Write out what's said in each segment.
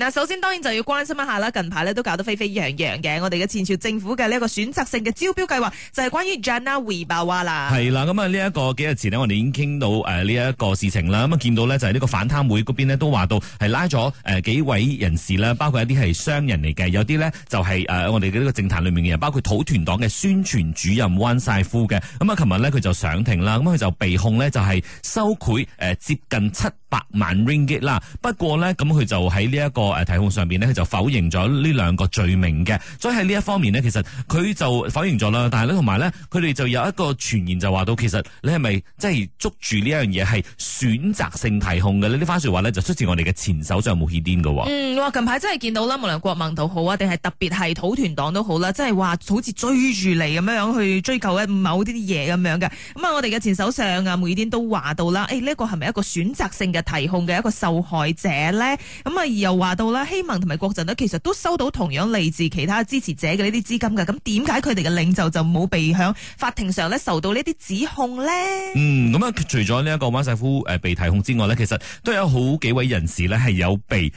嗱，首先當然就要關心一下啦，近排咧都搞得沸沸揚揚嘅，我哋嘅前朝政府嘅呢一個選擇性嘅招標計劃，就係關於 Jana Wibawa 啦。係啦，咁啊呢一個幾日前呢，我哋已經傾到誒呢一個事情啦。咁啊見到咧就係呢個反貪會嗰邊咧都話到係拉咗誒幾位人士啦，包括一啲係商人嚟嘅，有啲呢就係誒我哋嘅呢個政壇裏面嘅人，包括土團黨嘅宣傳主任 Wan 晒夫嘅。咁啊，琴日呢，佢就上庭啦，咁佢就被控呢，就係收賄誒接近七百萬 ringgit 啦，不過呢，咁佢就喺呢一個誒提控上邊呢，佢就否認咗呢兩個罪名嘅。所以喺呢一方面呢，其實佢就否認咗啦。但係咧，同埋呢，佢哋就有一個傳言就話到，其實你係咪真係捉住呢一樣嘢係選擇性提控嘅咧？呢番説話呢，就出自我哋嘅前首相慕尤丁嘅喎。嗯，哇！近排真係見到啦，無論國民都好啊，定係特別係土團黨都好啦，即係話好似追住你咁樣樣去追究某啲啲嘢咁樣嘅。咁啊，我哋嘅前首相啊，慕尤丁都話到啦，呢一個係咪一個選擇性嘅？提控嘅一個受害者咧。咁啊而又話到咧，希盟同埋國陣呢，其實都收到同樣嚟自其他支持者嘅呢啲資金嘅，咁點解佢哋嘅領袖就冇被喺法庭上咧受到呢啲指控咧？嗯？嗯，咁啊，除咗呢一個馬世夫誒被提控之外呢，其實都有好幾位人士呢，係有被誒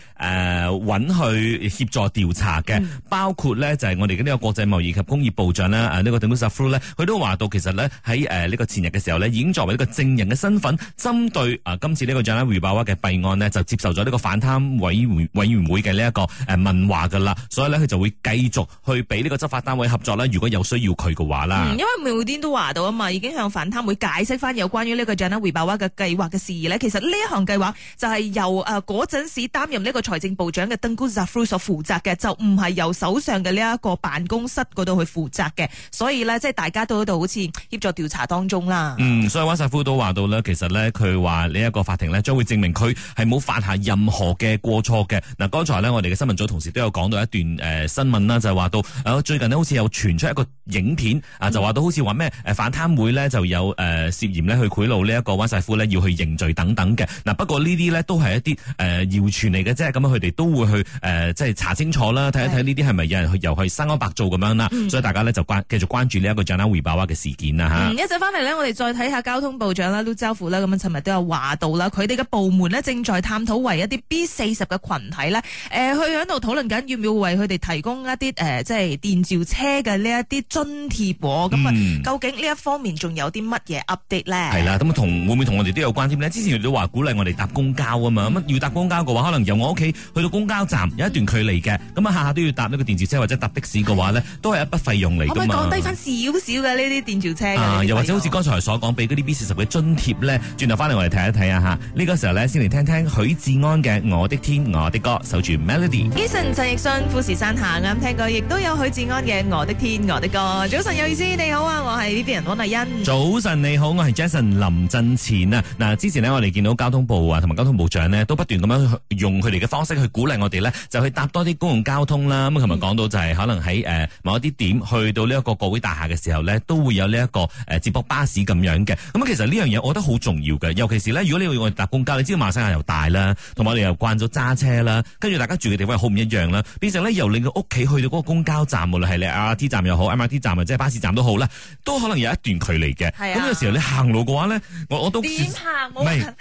搵去協助調查嘅，嗯、包括呢就係、是、我哋嘅呢個國際貿易及工業部長啦，呢、這個 d o n a l 佢都話到其實呢，喺誒呢個前日嘅時候呢，已經作為一個證人嘅身份針，針對啊今次呢個獎匯嘅弊案呢，就接受咗呢個反貪委委員會嘅呢一個誒問話噶啦，所以呢，佢就會繼續去俾呢個執法單位合作啦。如果有需要佢嘅話啦，嗯，因為梅天都話到啊嘛，已經向反貪會解釋翻有關於呢個賬單匯報話嘅計劃嘅事宜呢。其實呢一行計劃就係由誒嗰陣時擔任呢個財政部長嘅登古扎夫所負責嘅，就唔係由手上嘅呢一個辦公室嗰度去負責嘅。所以呢，即係大家都喺度好似協助調查當中啦。嗯，所以溫薩夫都話到呢，其實呢，佢話呢一個法庭呢將會。證明佢係冇犯下任何嘅過錯嘅嗱，剛才呢，我哋嘅新聞組同事都有講到一段誒、呃、新聞啦，就係、是、話到、呃、最近咧好似有傳出一個影片、嗯、啊，就話到好似話咩誒反貪會呢，就有誒、呃、涉嫌咧去賄賂呢一個溫晒夫咧要去認罪等等嘅嗱，不過呢啲呢，都係一啲誒謠傳嚟嘅啫，咁佢哋都會去誒即係查清楚啦，睇一睇呢啲係咪有人去、嗯、由去生安白做咁樣啦，所以大家呢，就關繼續關注呢一個 Jana Wibawa 嘅事件啦吓。嗯，一陣翻嚟咧，我哋再睇下交通部長啦，陸兆福啦，咁尋日都有話到啦，佢哋嘅。部門咧正在探討為一啲 B 四十嘅群體咧，誒、呃，去喺度討論緊，要唔要為佢哋提供一啲誒、呃，即係電召車嘅呢一啲津貼？咁啊、嗯，究竟呢一方面仲有啲乜嘢 update 咧？係啦，咁同會唔會同我哋都有關添咧？之前都話鼓勵我哋搭公交啊嘛，咁、嗯、要搭公交嘅話，可能由我屋企去到公交站、嗯、有一段距離嘅，咁啊下下都要搭呢個電召車或者搭的士嘅話咧，的都係一筆費用嚟。可唔可以降低翻少少嘅呢啲電召車、啊？又或者好似剛才所講，俾嗰啲 B 四十嘅津貼咧，轉頭翻嚟我哋睇一睇啊吓，呢個。先嚟聽聽許志安嘅《我的天我的歌》，守住 Melody，Jason 陳奕迅富士山下聽過，亦都有許志安嘅《我的天我的歌》。早晨有意思，你好啊，我係呢人麗欣。早晨你好，我係 Jason 林振前。啊。嗱，之前呢，我哋見到交通部啊，同埋交通部長呢都不斷咁樣用佢哋嘅方式去鼓勵我哋呢就去搭多啲公共交通啦。咁尋日講到就係可能喺某一啲點去到呢一個國會大廈嘅時候呢，都會有呢一個接駁巴士咁樣嘅。咁其實呢樣嘢我覺得好重要嘅，尤其是呢，如果你要我搭公交。你知道馬來西亞又大啦，同埋我哋又慣咗揸車啦，跟住大家住嘅地方好唔一樣啦，變成咧由你個屋企去到嗰個公交站，無論係你 RT 站又好、MRT 站或者巴士站都好啦，都可能有一段距離嘅。咁、啊、有時候你行路嘅話咧，我我都唔係，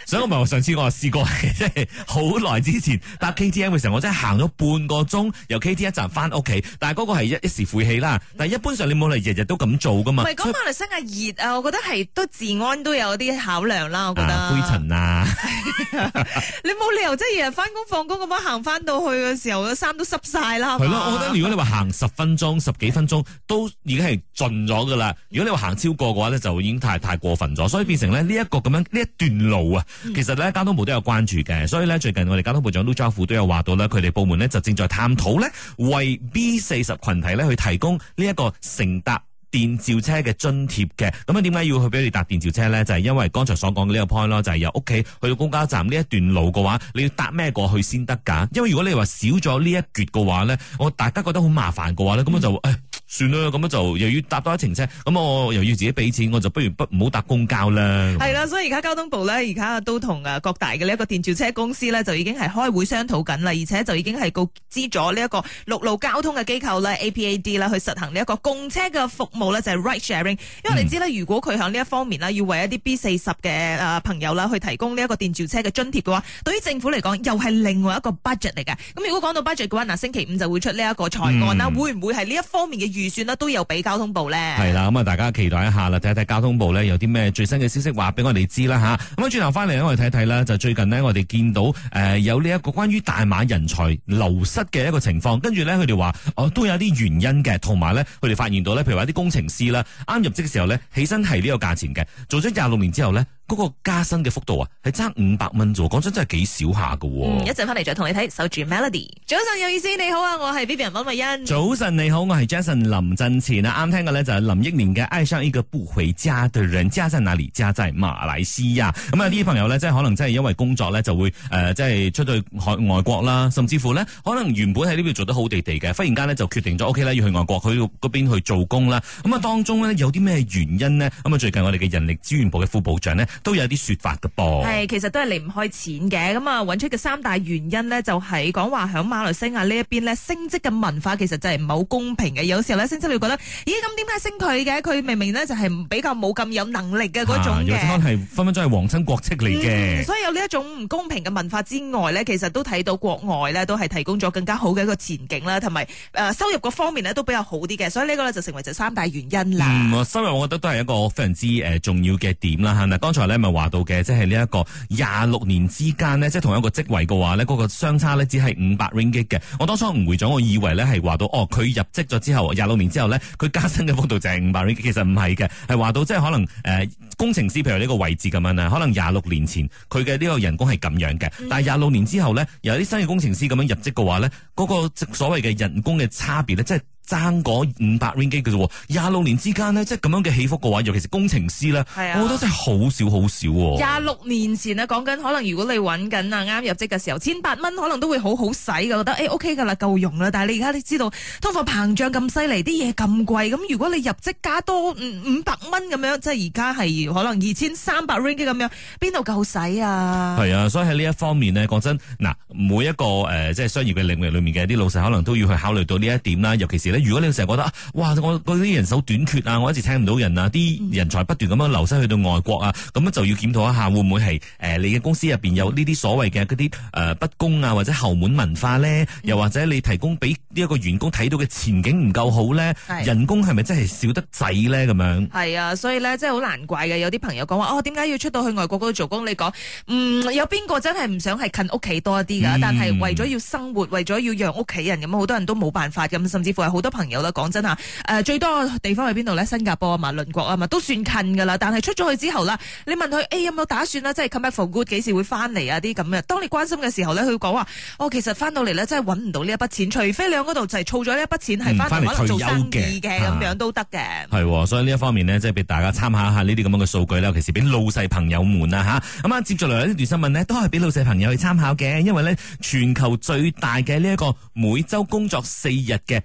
所以我唔係話上次我試試過，即係好耐之前搭 K T M 嘅時候，我真係行咗半個鐘由 K T M 站返屋企。但係嗰個係一時晦氣啦。但係一般上你冇理由日日都咁做㗎嘛。唔係講馬來西亞熱啊，我覺得係都治安都有啲考量啦，我覺得。灰塵啊！灰 你冇理由真係日日翻工放工咁樣行翻到去嘅時候，個衫都濕晒啦。係咯， 我覺得如果你話行十分鐘， 十幾分鐘都已經係盡咗噶啦。如果你話行超過嘅話咧，就已經太太過分咗。所以變成呢呢一個咁樣呢一段路啊，其實咧交通部都有關注嘅。所以咧最近我哋交通部長陸兆福都有話到咧，佢哋部門咧就正在探討咧，為 B 四十群體咧去提供呢一個乘搭。電召車嘅津貼嘅，咁啊，點解要去俾你搭電召車咧？就係、是、因為剛才所講嘅呢個 point 咯，就係由屋企去到公交站呢一段路嘅話，你要搭咩過去先得噶？因為如果你少話少咗呢一橛嘅話咧，我大家覺得好麻煩嘅話咧，咁啊就誒、嗯哎、算啦，咁啊就又要搭多一程車，咁我又要自己俾錢，我就不如不唔好搭公交啦。係啦，所以而家交通部咧，而家都同誒各大嘅呢一個電召車公司咧，就已經係開會商討緊啦，而且就已經係告知咗呢一個陸路交通嘅機構啦，APAD 啦，AP AD, 去實行呢一個共車嘅服務。就係 ride sharing，因為你知咧，如果佢喺呢一方面咧，要為一啲 B 四十嘅誒朋友啦，去提供呢一個電召車嘅津貼嘅話，對於政府嚟講，又係另外一個 budget 嚟嘅。咁如果講到 budget 嘅話，嗱，星期五就會出呢一個財案啦，嗯、會唔會係呢一方面嘅預算咧，都有俾交通部呢？係啦，咁啊，大家期待一下啦，睇一睇交通部呢有啲咩最新嘅消息話俾我哋知啦吓，咁啊、嗯，轉頭翻嚟咧，我哋睇睇啦，就最近呢，我哋見到誒有呢一個關於大馬人才流失嘅一個情況，跟住呢，佢哋話哦都有啲原因嘅，同埋呢，佢哋發現到呢，譬如話啲公司程師啦，啱入職嘅時候咧，起身係呢個價錢嘅，做咗廿六年之後咧。嗰個加薪嘅幅度啊，係差五百蚊啫喎！講真真係幾少下喎。一陣翻嚟再同你睇守住 Melody。早晨有意思，你好啊，我係 Vivian 文慧欣。早晨你好，我係 Jason 林振前啊！啱聽嘅咧就係林憶蓮嘅《愛上一個不回家的人》，家在哪裏？家在馬來西亞。咁啊，呢啲朋友咧，即係可能真係因為工作咧，就會誒，即係出到去外國啦，甚至乎咧，可能原本喺呢邊做得好地地嘅，忽然間咧就決定咗 OK 啦，要去外國去嗰邊去做工啦。咁啊，當中咧有啲咩原因呢？咁啊，最近我哋嘅人力資源部嘅副部長咧。都有啲說法嘅噃，係其實都係離唔開錢嘅。咁啊搵出嘅三大原因呢、就是，就係講話響馬來西亞呢一邊呢，升職嘅文化其實就係唔係好公平嘅。有時候呢，升職你會覺得，咦咁點解升佢嘅？佢明明呢就係比較冇咁有，有能力嘅嗰種嘅。有啲係分分鐘係皇親國戚嚟嘅。所以有呢一種唔公平嘅文化之外呢，其實都睇到國外呢都係提供咗更加好嘅一個前景啦，同埋、呃、收入個方面呢都比較好啲嘅。所以呢個咧就成為就三大原因啦、嗯。收入我覺得都係一個非常之重要嘅點啦，係咪？剛才咧咪話到嘅，即係呢一個廿六年之間呢，即係同一個職位嘅話呢，嗰、嗰個相差呢，只係五百 ringgit 嘅。我當初唔會長，我以為呢係話到哦，佢入職咗之後，廿六年之後呢，佢加薪嘅幅度淨係五百 ringgit。其實唔係嘅，係話到即係可能誒、呃，工程師譬如呢個位置咁樣啊，可能廿六年前佢嘅呢個人工係咁樣嘅，但係廿六年之後呢，有啲新嘅工程師咁樣入職嘅話呢，嗰、嗰個所謂嘅人工嘅差別呢，即係。爭嗰五百 ringgit 嘅啫，廿六年之間呢，即係咁樣嘅起伏嘅話，尤其是工程師呢，係啊、我覺得真係好少好少。廿六年前呢，講緊可能如果你揾緊啊，啱入職嘅時候，千八蚊可能都會好好使嘅，洗我覺得誒、哎、OK 噶啦，夠用啦。但係你而家都知道通貨膨脹咁犀利，啲嘢咁貴，咁如果你入職加多五百蚊咁樣，即係而家係可能二千三百 ringgit 咁樣，邊度夠使啊？係啊，所以喺呢一方面呢，講真，嗱，每一個誒即係商業嘅領域裏面嘅啲老細，可能都要去考慮到呢一點啦，尤其是。如果你成日覺得啊，哇！我嗰啲人手短缺啊，我一直請唔到人啊，啲人才不斷咁樣流失去到外國啊，咁就要檢討一下會會，會唔會係誒你嘅公司入邊有呢啲所謂嘅嗰啲誒不公啊，或者後門文化呢？又或者你提供俾呢一個員工睇到嘅前景唔夠好呢？是人工係咪真係少得滯呢？咁樣係啊，所以呢，真係好難怪嘅，有啲朋友講話哦，點解要出到去外國嗰度做工？你講嗯，有邊個真係唔想係近屋企多一啲噶？嗯、但係為咗要生活，為咗要讓屋企人咁，好多人都冇辦法咁，甚至乎係好多朋友啦，講真吓，誒最多地方喺邊度咧？新加坡啊嘛，鄰國啊嘛，都算近噶啦。但係出咗去之後啦，你問佢誒、欸、有冇打算咧？即係 come back for good 幾時會翻嚟啊？啲咁嘅，當你關心嘅時候咧，佢講話哦，其實翻到嚟咧，真係搵唔到呢一筆錢，除非你喺嗰度就係儲咗呢一筆錢，係翻嚟攞嚟做生意嘅咁、嗯、樣都得嘅。係，所以呢一方面呢，即係俾大家參考下呢啲咁樣嘅數據，尤其是俾老細朋友們啊。吓、嗯。咁啊、嗯，接住嚟呢段新聞呢，都係俾老細朋友去參考嘅，因為呢，全球最大嘅呢一個每周工作四日嘅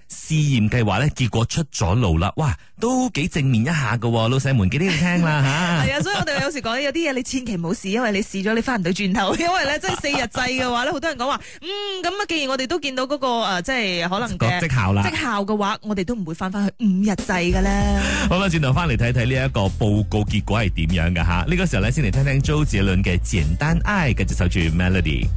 試驗計劃咧，結果出咗爐，啦，哇，都幾正面一下噶、哦，老細們記得要聽啦吓。係啊， 所以我哋有時講，有啲嘢你千祈冇試，因為你試咗你翻唔到轉頭，因為咧，即係四日制嘅話咧，好 多人講話嗯咁啊，既然我哋都見到嗰、那個誒、呃，即係可能嘅績效啦，績效嘅話，我哋都唔會翻翻去五日制噶啦。 好啦，轉頭翻嚟睇睇呢一個報告結果係點樣噶吓，呢、這個時候呢，先嚟聽聽周杰倫嘅簡單愛，跟住守住 Melody。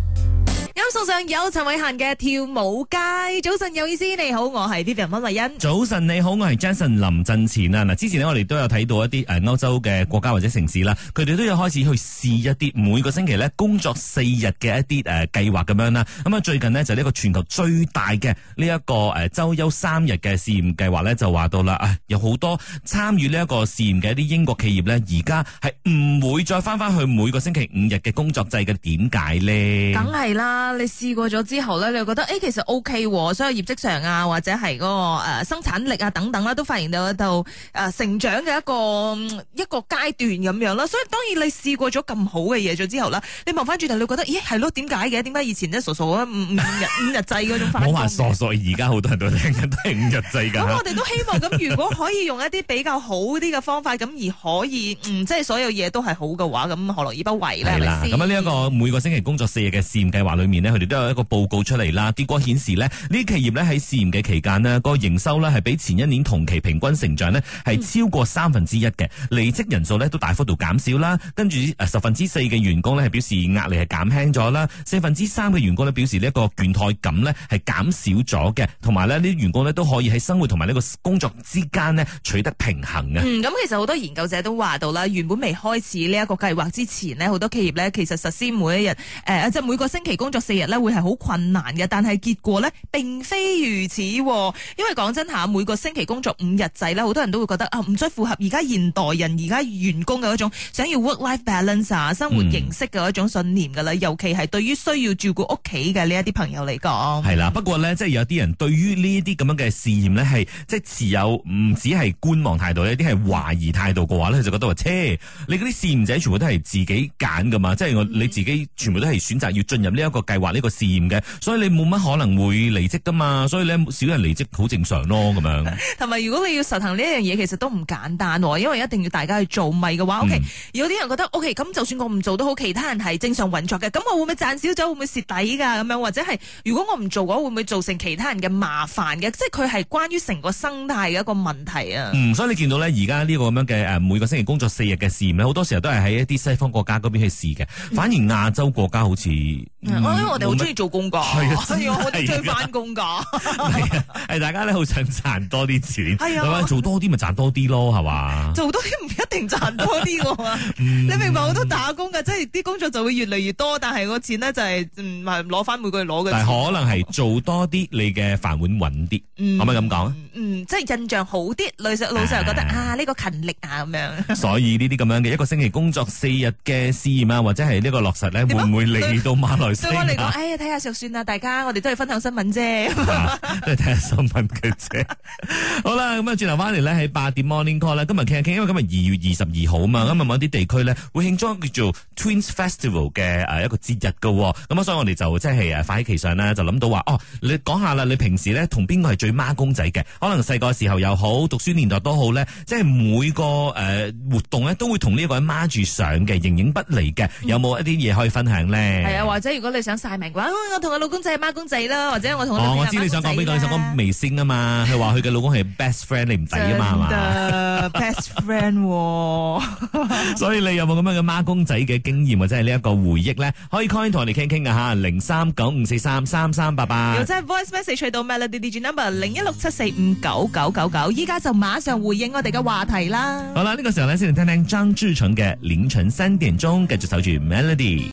網上有陳偉嫻嘅跳舞街，早晨有意思，你好，我係 d i p p e r 溫慧欣。早晨你好，我係 Jason 林振前啊！嗱，之前我哋都有睇到一啲誒歐洲嘅國家或者城市啦，佢哋都有開始去試一啲每個星期咧工作四日嘅一啲誒計劃咁樣啦。咁啊最近呢，就呢個全球最大嘅呢一個誒周休三日嘅試驗計劃咧，就話到啦，有好多參與呢一個試驗嘅一啲英國企業呢，而家係唔會再翻翻去每個星期五日嘅工作制嘅，點解呢？梗係啦。你試過咗之後咧，你覺得誒、欸，其實 O、OK、K，所有業績上啊，或者係嗰、那個誒、呃、生產力啊等等啦，都發現到一度誒、呃、成長嘅一個一個階段咁樣啦。所以當然你試過咗咁好嘅嘢咗之後啦，你望翻轉頭，你覺得咦係咯？點解嘅？點解以前呢傻傻五五五日制嗰種？冇話傻傻，而家好多人都聽緊五日制咁 我哋都希望咁，如果可以用一啲比較好啲嘅方法，咁 而可以、嗯、即係所有嘢都係好嘅話，咁何樂而不為咧？咁呢一個每個星期工作四日嘅試驗計劃裏面佢哋都有一個報告出嚟啦，結果顯示呢，呢啲企業咧喺試驗嘅期間咧，嗰個營收咧係比前一年同期平均成長咧係超過三分之一嘅，離職、嗯、人數咧都大幅度減少啦，跟住誒十分之四嘅員工咧係表示壓力係減輕咗啦，四分之三嘅員工咧表示呢一個倦怠感咧係減少咗嘅，同埋咧呢啲員工咧都可以喺生活同埋呢個工作之間咧取得平衡嘅。咁、嗯、其實好多研究者都話到啦，原本未開始呢一個計劃之前咧，好多企業咧其實實施每一日誒、呃、即係每個星期工作四。日咧會係好困難嘅，但係結果咧並非如此，哦。因為講真嚇，每個星期工作五日制咧，好多人都會覺得啊，唔需符合而家現代人而家員工嘅一種想要 work-life balance 啊，生活形式嘅一種信念㗎啦。嗯、尤其係對於需要照顧屋企嘅呢一啲朋友嚟講係啦。不過咧，即係有啲人對於呢一啲咁樣嘅試驗咧，係即係持有唔止係觀望態度，有啲係懷疑態度嘅話咧，就覺得話切，呃，你啲試驗者全部都係自己揀㗎嘛？嗯、即係我你自己全部都係選擇要進入呢一個計劃。呢個試驗嘅，所以你冇乜可能會離職噶嘛，所以咧少人離職好正常咯，咁樣。同埋如果你要實行呢樣嘢，其實都唔簡單喎、哦，因為一定要大家去做咪嘅話，OK。嗯、如果有啲人覺得 OK，咁就算我唔做都好，其他人係正常運作嘅，咁我會唔會賺少咗，會唔會蝕底㗎？咁樣或者係如果我唔做嘅話，會唔會造成其他人嘅麻煩嘅？即係佢係關於成個生態嘅一個問題啊。嗯、所以你見到咧，而家呢個咁樣嘅誒每個星期工作四日嘅試驗，好多時候都係喺一啲西方國家嗰邊去試嘅，反而亞洲國家好似。我、嗯。嗯嗯我中意做工噶係啊，所以我我都中意翻工噶。係啊，係大家咧，好想賺多啲錢。係啊，做多啲咪賺多啲咯，係嘛？做多啲唔一定賺多啲噶，你明白？好多打工㗎，即係啲工作就會越嚟越多，但係個錢呢就係唔係攞翻每個月攞嘅。但可能係做多啲，你嘅飯碗穩啲。可唔可以咁講啊？嗯，即係印象好啲，老實又覺得啊，呢個勤力啊咁樣。所以呢啲咁樣嘅一個星期工作四日嘅試驗啊，或者係呢個落實咧，會唔會嚟到馬來西亞？哦、哎呀，睇下就算啦，大家我哋都係分享新聞啫，都係睇下新聞嘅啫。 好啦，咁啊轉頭翻嚟咧，喺八點 morning call 啦，今日傾一傾，因為今日二月二十二號嘛，咁啊某啲地區咧會慶祝叫做 Twins Festival 嘅誒一個節日喎、哦。咁所以我哋就即係誒快起其上咧，就諗到話哦，你講下啦，你平時咧同邊個係最孖公仔嘅？可能細個時候又好，讀書年代都好咧，即係每個誒、呃、活動咧都會同呢個孖住上嘅，形影不離嘅，有冇一啲嘢可以分享咧？係啊、嗯嗯嗯，或者如果你想大明話：我同我老公仔係孖公仔啦，或者我同哦，我知你想講邊個？你想講微星啊嘛？佢話佢嘅老公係 best friend，你唔抵啊嘛？嘛 best friend 喎，所以你有冇咁樣嘅孖公仔嘅經驗或者係呢一個回憶咧？可以 call 同我哋傾傾啊嚇，零三九五四三三三八八，又真係 voice message 渠道 melody digital number 零一六七四五九九九九，依家就馬上回應我哋嘅話題啦。好啦，呢個時候咧先嚟聽聽張智成嘅凌晨三點鐘，繼續守住 melody。